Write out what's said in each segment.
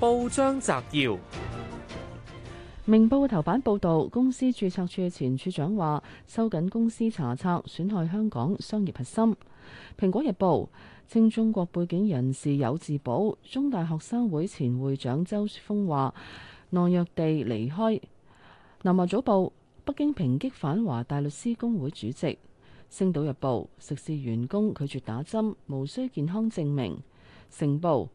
報章摘要：明報頭版報道，公司註冊處前處長話，收緊公司查冊，損害香港商業核心。蘋果日報稱，中國背景人士有自保。中大學生會前會長周雪峰話，懦弱地離開。南華早報：北京抨擊反華大律師公會主席。星島日報：食肆員工拒絕打針，無需健康證明。成報。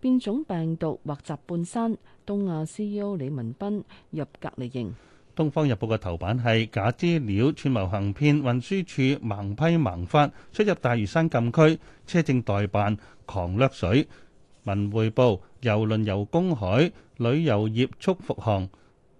變種病毒或襲半山，東亞 CEO 李民斌入隔離營。東方日報嘅頭版係假資料串謀行騙，運輸署盲批盲發，出入大嶼山禁區車證代辦狂掠水。文匯報遊輪遊公海，旅遊業速復航。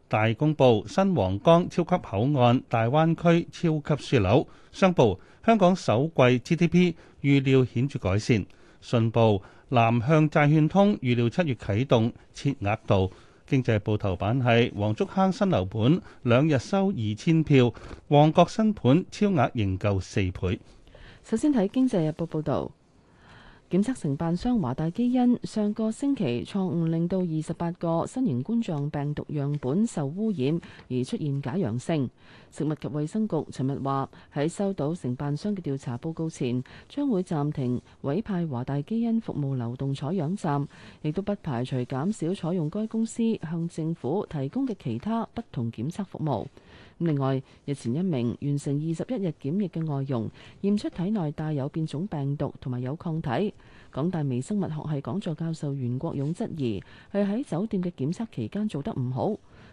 大公報新皇崗超級口岸，大灣區超級樞紐。商報香港首季 GDP 預料顯著改善。信報。南向債券通預料七月啟動，設額度。經濟報頭版係黃竹坑新樓盤兩日收二千票，旺角新盤超額仍夠四倍。首先睇經濟日報報導。檢測承辦商華大基因上個星期錯誤令到二十八個新型冠狀病毒樣本受污染，而出現假陽性。食物及衛生局尋日話，喺收到承辦商嘅調查報告前，將會暫停委派華大基因服務流動採樣站，亦都不排除減少採用該公司向政府提供嘅其他不同檢測服務。另外，日前一名完成二十一日檢疫嘅外傭驗出體內帶有變種病毒，同埋有抗體。港大微生物學系講座教授袁國勇質疑係喺酒店嘅檢測期間做得唔好。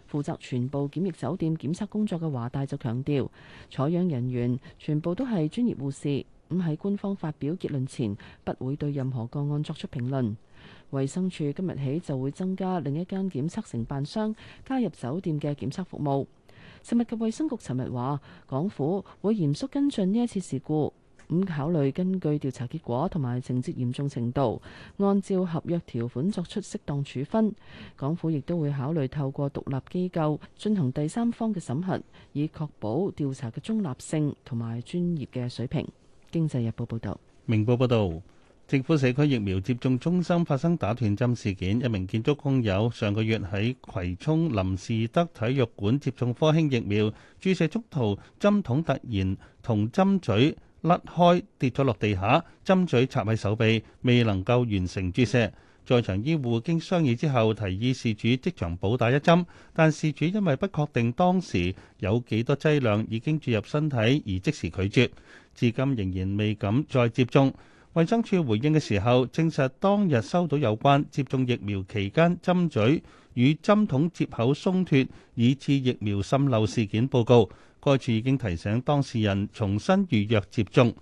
負責全部檢疫酒店檢測工作嘅華大就強調，採樣人員全部都係專業護士。咁喺官方發表結論前，不會對任何個案作出評論。衛生署今日起就會增加另一間檢測承辦商加入酒店嘅檢測服務。食物及衛生局尋日話，港府會嚴肅跟進呢一次事故，咁考慮根據調查結果同埋情節嚴重程度，按照合約條款作出適當處分。港府亦都會考慮透過獨立機構進行第三方嘅審核，以確保調查嘅中立性同埋專業嘅水平。經濟日報報道。明報報道。政府社區疫苗接種中心發生打斷針事件，一名建築工友上個月喺葵涌林士德體育館接種科興疫苗，注射中途針筒突然同針嘴甩開，跌咗落地下，針嘴插喺手臂，未能夠完成注射。在場醫護經商議之後，提議事主即場補打一針，但事主因為不確定當時有幾多劑量已經注入身體而即時拒絕，至今仍然未敢再接種。衛生署回應嘅時候，證實當日收到有關接種疫苗期間針嘴與針筒接口鬆脱，以致疫苗滲漏事件報告。該處已經提醒當事人重新預約接種。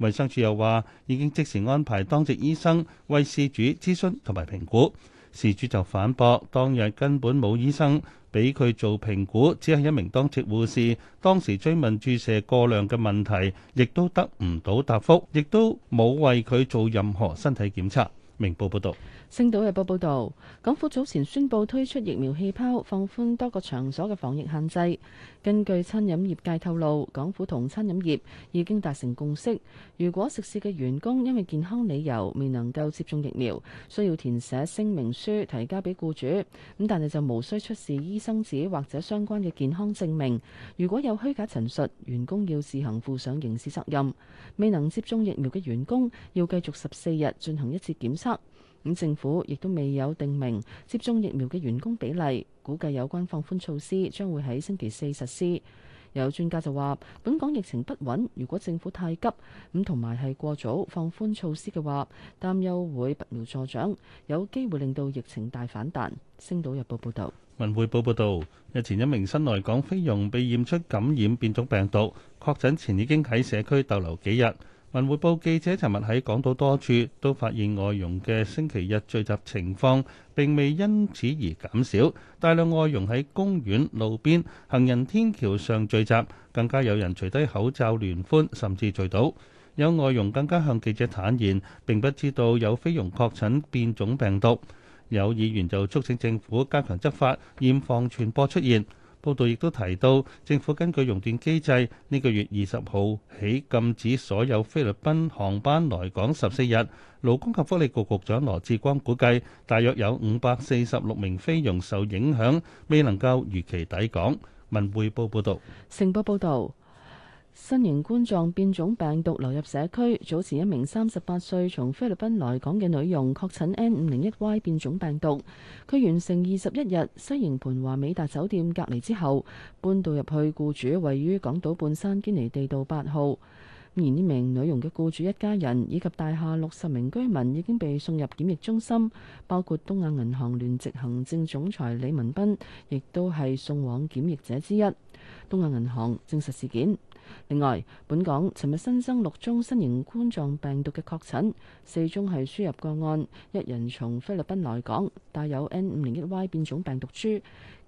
衛生署又話，已經即時安排當值醫生為事主諮詢同埋評估。事主就反駁，當日根本冇醫生，俾佢做評估，只係一名當值護士。當時追問注射過量嘅問題，亦都得唔到答覆，亦都冇為佢做任何身體檢查。明報報道。星島日報報道，港府早前宣布推出疫苗氣泡，放寬多個場所嘅防疫限制。根據餐飲業界透露，港府同餐飲業已經達成共識，如果食肆嘅員工因為健康理由未能夠接種疫苗，需要填寫聲明書提交俾僱主，咁但係就無需出示醫生紙或者相關嘅健康證明。如果有虛假陳述，員工要自行負上刑事責任。未能接種疫苗嘅員工要繼續十四日進行一次檢測。咁政府亦都未有定明接種疫苗嘅員工比例，估計有關放寬措施將會喺星期四實施。有專家就話本港疫情不穩，如果政府太急咁同埋係過早放寬措施嘅話，擔憂會拔苗助長，有機會令到疫情大反彈。星島日報報道，文匯報報道，日前一名新來港菲傭被驗出感染變種病毒，確診前已經喺社區逗留幾日。文匯報記者尋日喺港島多處都發現外傭嘅星期日聚集情況並未因此而減少，大量外傭喺公園、路邊、行人天橋上聚集，更加有人除低口罩聯歡，甚至聚到。有外傭更加向記者坦言，並不知道有菲傭確診變種病毒。有議員就促請政府加強執法，嚴防傳播出現。報道亦都提到，政府根據熔斷機制，呢、這個月二十號起禁止所有菲律賓航班來港十四日。勞工及福利局局長羅致光估計，大約有五百四十六名菲傭受影響，未能夠如期抵港。文匯報報導，成報報導。新型冠狀變種病毒流入社區。早前一名三十八歲從菲律賓來港嘅女傭確診 N 五零一 Y 變種病毒。佢完成二十一日西營盤華美達酒店隔離之後，搬到入去雇主位於港島半山堅尼地道八號。而呢名女傭嘅雇主一家人以及大廈六十名居民已經被送入檢疫中心，包括東亞銀行聯席行政總裁李文斌，亦都係送往檢疫者之一。東亞銀行證實事件。另外，本港尋日新增六宗新型冠狀病毒嘅確診，四宗係輸入個案，一人從菲律賓來港，帶有 N 五零一 Y 變種病毒株，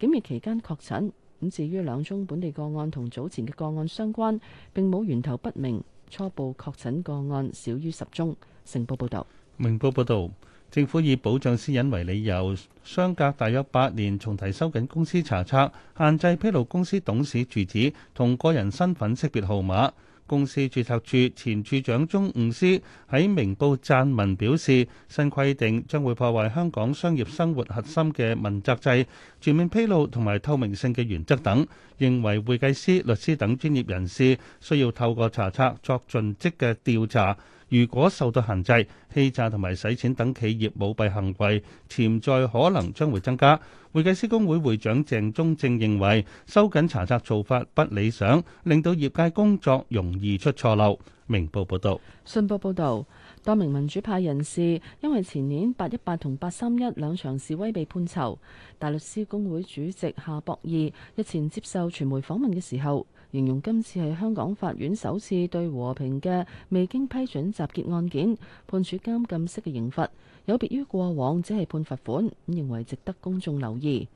檢疫期間確診。咁至於兩宗本地個案同早前嘅個案相關，並冇源頭不明。初步確診個案少於十宗。成報報道。明報報道。政府以保障私隱為理由，相隔大約八年重提收緊公司查冊限制披露公司董事住址同個人身份識別號碼，公司注冊處前處長鍾吳思喺明報撰文表示，新規定將會破壞香港商業生活核心嘅問責制、全面披露同埋透明性嘅原則等，認為會計師、律師等專業人士需要透過查冊作盡職嘅調查。如果受到限制，欺詐同埋洗錢等企業舞弊行為，潛在可能將會增加。會計師公會會長鄭中正認為，收緊查冊做法不理想，令到業界工作容易出錯漏。明報報道，信報報道，多名民主派人士因為前年八一八同八三一兩場示威被判囚。大律師公會主席夏博義日前接受傳媒訪問嘅時候，形容今次係香港法院首次對和平嘅未經批准集結案件判處監禁式嘅刑罰，有別於過往只係判罰款，咁認為值得公眾留意。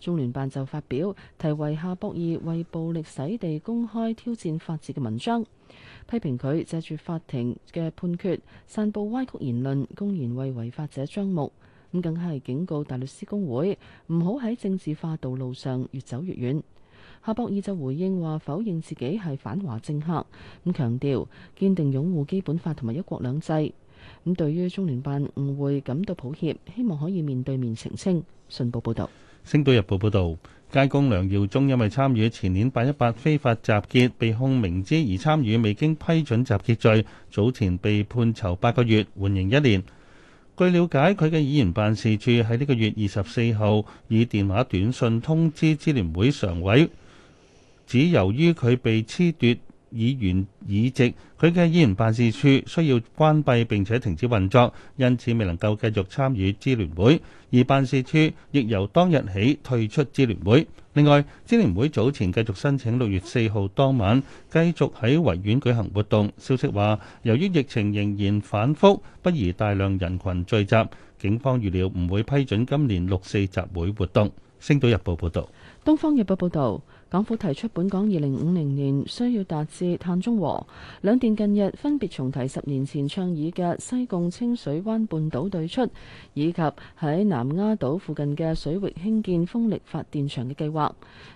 中聯辦就發表題為夏博爾為暴力洗地、公開挑戰法治嘅文章，批評佢借住法庭嘅判決散佈歪曲言論，公然為違法者張目。咁更係警告大律師公會唔好喺政治化道路上越走越遠。夏博爾就回應話，否認自己係反華政客，咁強調堅定擁護基本法同埋一國兩制。咁對於中聯辦誤會感到抱歉，希望可以面對面澄清。信報報道。星島日報報導，街工梁耀忠因為參與前年八一八非法集結，被控明知而參與未經批准集結罪，早前被判囚八個月，緩刑一年。據了解，佢嘅議員辦事處喺呢個月二十四號以電話短信通知支聯會常委，只由於佢被褫奪。議員議席，佢嘅議員辦事處需要關閉並且停止運作，因此未能夠繼續參與支聯會，而辦事處亦由當日起退出支聯會。另外，支聯會早前繼續申請六月四號當晚繼續喺維園舉行活動，消息話由於疫情仍然反覆，不宜大量人群聚集，警方預料唔會批准今年六四集會活動。星島日報報道。《東方日報》報導，港府提出本港二零五零年需要達至碳中和。兩電近日分別重提十年前倡議嘅西貢清水灣半島對出，以及喺南丫島附近嘅水域興建風力發電場嘅計劃。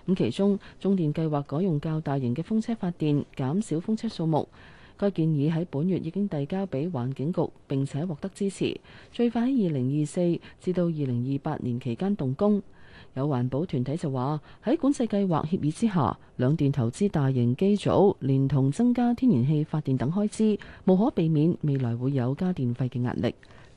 咁其中，中電計劃改用較大型嘅風車發電，減少風車數目。該建議喺本月已經遞交畀環境局，並且獲得支持，最快喺二零二四至到二零二八年期間動工。有環保團體就話，喺管制計劃協議之下，兩電投資大型機組，連同增加天然氣發電等開支，無可避免未來會有加電費嘅壓力。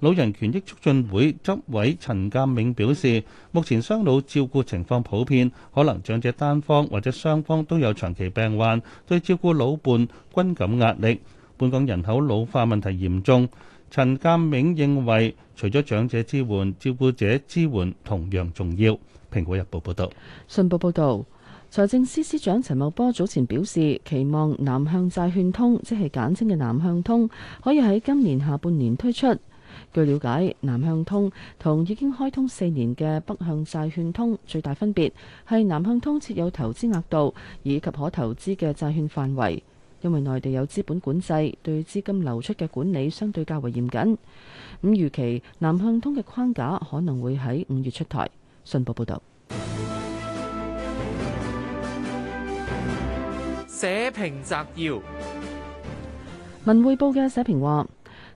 老人權益促進會執委陳鑒銘表示，目前雙老照顧情況普遍，可能長者單方或者雙方都有長期病患，對照顧老伴均感壓力。本港人口老化問題嚴重，陳鑒銘認為，除咗長者支援，照顧者支援同樣重要。蘋果日報報道，信報報道，財政司司長陳茂波早前表示，期望南向債券通即係簡稱嘅南向通，可以喺今年下半年推出。據了解，南向通同已經開通四年嘅北向債券通最大分別係南向通設有投資額度以及可投資嘅債券範圍，因為內地有資本管制，對資金流出嘅管理相對較為嚴謹。咁預期南向通嘅框架可能會喺五月出台。信報報道。社評摘要：文匯報嘅社評話。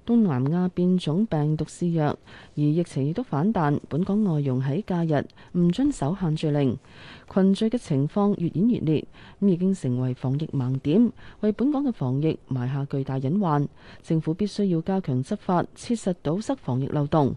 東南亞變種病毒肆虐，而疫情亦都反彈。本港外傭喺假日唔遵守限聚令，群聚嘅情況越演越烈，咁已經成為防疫盲點，為本港嘅防疫埋下巨大隱患。政府必須要加強執法，切實堵塞防疫漏洞。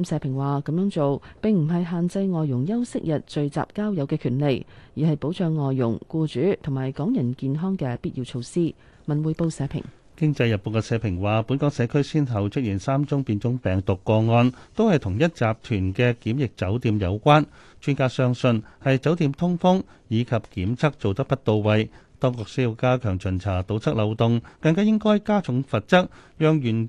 咁社評話咁樣做並唔係限制外傭休息日聚集交友嘅權利，而係保障外傭、雇主同埋港人健康嘅必要措施。文匯報社評。經濟日報嘅社評話：本港社區先後出現三宗變種病毒個案，都係同一集團嘅檢疫酒店有關。專家相信係酒店通風以及檢測做得不到位，當局需要加強巡查，堵塞漏洞，更加應該加重罰則，讓原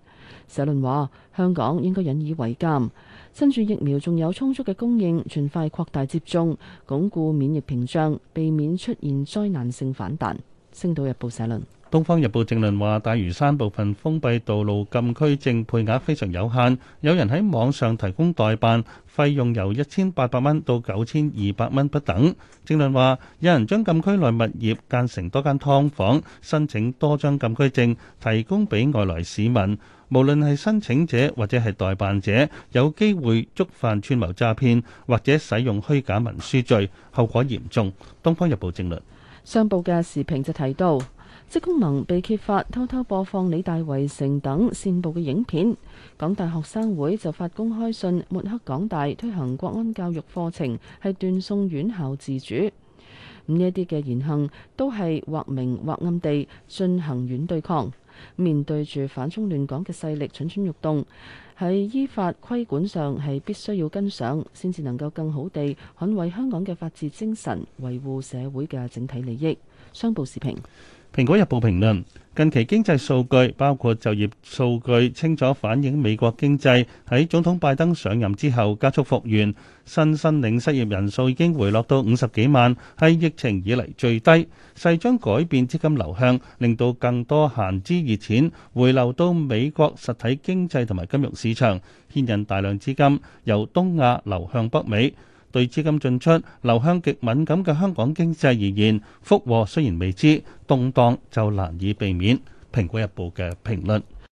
社論話：香港應該引以為鑑，趁住疫苗仲有充足嘅供應，盡快擴大接種，鞏固免疫屏障，避免出現災難性反彈。星島日報社論：東方日報正論話，大嶼山部分封閉道路禁區證配額非常有限，有人喺網上提供代辦，費用由一千八百蚊到九千二百蚊不等。正論話，有人將禁區內物業間成多間劏房，申請多張禁區證，提供俾外來市民。無論係申請者或者係代辦者，有機會觸犯串謀詐騙或者使用虛假文書罪，後果嚴重。東方日報正論。商報嘅時評就提到，職工盟被揭發偷偷播放理大圍城等煽暴嘅影片，港大學生會就發公開信抹黑港大推行國安教育課程係斷送院校自主。呢一啲嘅言行都係或明或暗地進行軟對抗。面對住反中亂港嘅勢力蠢蠢欲動，喺依法規管上係必須要跟上，先至能夠更好地捍衛香港嘅法治精神，維護社會嘅整體利益。商報時評。《蘋果日報》評論：近期經濟數據包括就業數據，清楚反映美國經濟喺總統拜登上任之後加速復原。新申領失業人數已經回落到五十幾萬，係疫情以嚟最低，勢將改變資金流向，令到更多閒資熱錢回流到美國實體經濟同埋金融市場，牽引大量資金由東亞流向北美。對資金進出、流向極敏感嘅香港經濟而言，福禍雖然未知，動盪就難以避免。《蘋果日報》嘅評論。